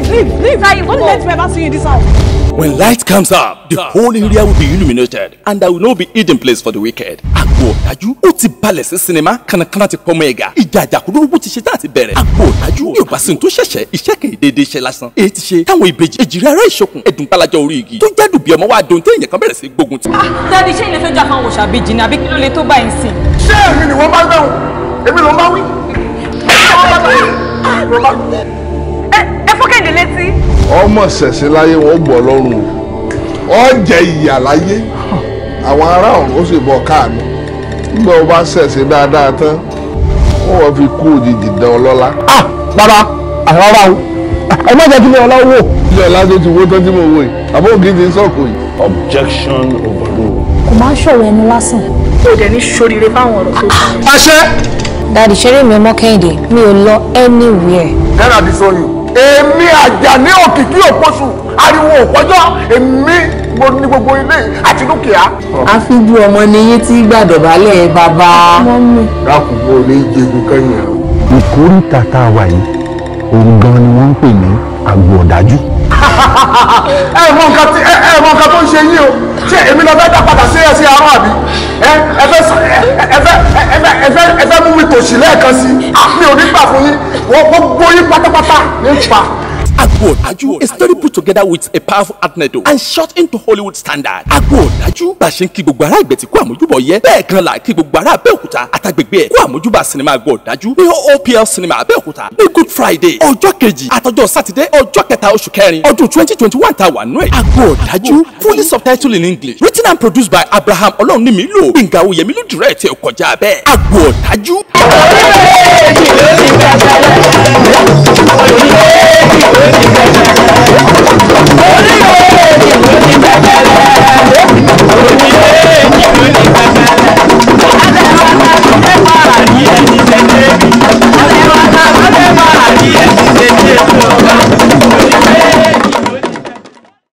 leave, leave, leave. Now won't let me ever see you in this house. When light comes up, the ah. whole area will be illuminated and there will not be hidden place for the wicked. Àgbo ọ̀dájú ó ti balẹ̀ sí sinimá kanakana ti pọ́nmọ́ ẹ̀gà. Ìjà àjàkúndúrúkú ti ṣe tá ti bẹ̀rẹ̀. Àgbo ọ̀dájú yóò bá sin tó ṣẹ̀ṣẹ̀ iṣẹ́ kan ìdédé iṣẹ́ lásán. Èyí ti ṣe táwọn ìbejì èjìrí ara ìṣokùn ẹ̀dùn balajọ orí igi tó jẹ́ dùbí ọmọ wa dòun téèyàn kan bẹ̀rẹ̀ sí gbógun ti. Ah, Dádì ṣé ilé fẹ́ jà fáwọn òṣàbíjì ni àbí kí ló le tó báyìí sìn? Ṣé èmi ni wọ́n bá fún Kẹ́hìndé létí. ọmọ ṣẹ̀ṣẹ̀ láyé wọn ó bọ̀ lọ́rùn o ọ jẹ ìyà láyé àwọn ará ọ̀run ó sì bọ̀ káàánú nígbà wọn bá ṣẹ̀ṣẹ̀ dáadáa tán wọn wọ́n fi kú òjijì dán ọlọ́lá. ah bàbá àrárá o ẹ má jẹ́ kí ilé ọlá wò. ilé ọlá tó ti wó tán tí mo wò yìí àbó ògì ti ń sọ̀kò yìí. objection overruled. kò máa ń ṣòro ẹni lásán. ó dẹ̀ ní ṣoríire fáwọn ọ̀rọ̀ tó kù. àṣẹ. dadi ṣeré mi ọmọ Kẹ́hìndé mi ò lọ anywhere. then i be for èmi àjàní òkìkí òpóṣù ariwo òpọ́jọ́ èmi ní gbogbo ilé àti dúkìá. àfijù ọmọ ni yín tí gbàdọ̀bálẹ̀ bàbá. dákùnkùn ò ní jẹun kẹyìn. ìkórìtà tá a wà yìí òun gan ni wọ́n ń pè ní àgbò ọ̀dájú. ẹ mọ nǹkan tí ẹ mọ nǹkan tó ń ṣe yín o ṣé èmi lọ fẹ́ dá padà sí ẹ sí arán àbí ẹ ẹ fẹ́ ẹ fẹ́ ẹ fẹ́ ẹ fẹ́ òṣì lẹ́ẹ̀kan sí ah, mi ò ní gbà fún yín wọ́n gbogbo yín pátápátá ní pa Agboolaju is story put together with a powerful anecdote and shot into Hollywood standard. Agboolaju bá a ṣe ń kí gbogbo ará ìgbẹ́tìkú àmójúbọ̀ yẹ bẹ́ẹ̀ gan la kí gbogbo ará Abẹ́òkúta àtàgbègbè ẹ̀ kú àmójúbà sinimá Agboolaju ní OPL sinimá Abẹ́òkúta ní Good Friday ọjọ́ kejì àtọjọ́ sátidé ọjọ́ kẹta oṣù kẹrin ọdún twenty twenty one ta wà nù ẹ̀. Agboolaju fully subtitled in English written and produced by Abraham Ọlọ́runnímìlò Gbẹ̀ngà Oyèmílú direct ẹ̀ kọjá bẹ́ẹ̀ Agboolaju. ọ̀rẹ́ mi ò ní ìgbà